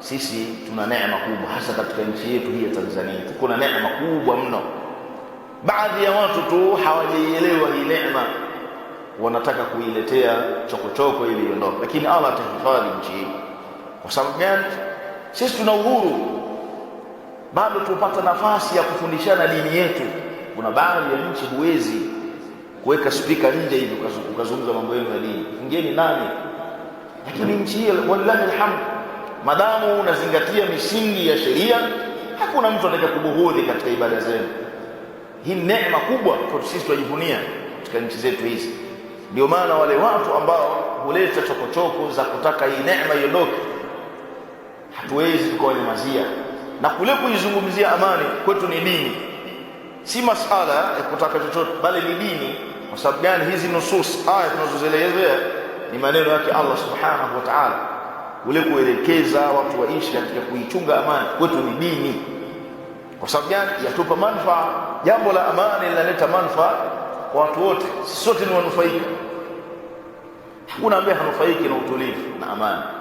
Sisi tuna neema kubwa, hasa katika nchi yetu hii ya Tanzania tukona neema kubwa mno. Baadhi ya watu tu hawajaielewa hii neema, wanataka kuiletea chokochoko ili iondoke, lakini Allah atahifadhi nchi hii. Kwa sababu gani? Sisi tuna uhuru bado tupata nafasi ya kufundishana dini yetu. Kuna baadhi ya nchi huwezi kuweka spika nje hivi ukazungumza mambo yenu ya dini, ingieni nani lakini nchi hii wallahi alhamd, madamu unazingatia misingi ya sheria, hakuna mtu ataka kubughudhi katika ibada zenu. Hii neema kubwa kwa sisi tunajivunia katika nchi zetu hizi. Ndio maana wale watu ambao huleta chokochoko za kutaka hii neema iondoke, hatuwezi tukawanyamazia na kule kuizungumzia amani kwetu ni dini, si masala ya kutaka chochote, bali ni dini. Kwa sababu gani? Hizi nusus aya tunazozielezea ni maneno yake Allah subhanahu wa ta'ala, ule kuelekeza watu waishi katika kuichunga amani kwetu ni dini. Kwa sababu gani? Yatupa manufaa. Jambo la amani linaleta manufaa kwa watu wote, sote ni wanufaika. Hakuna ambaye hanufaiki na utulivu na amani.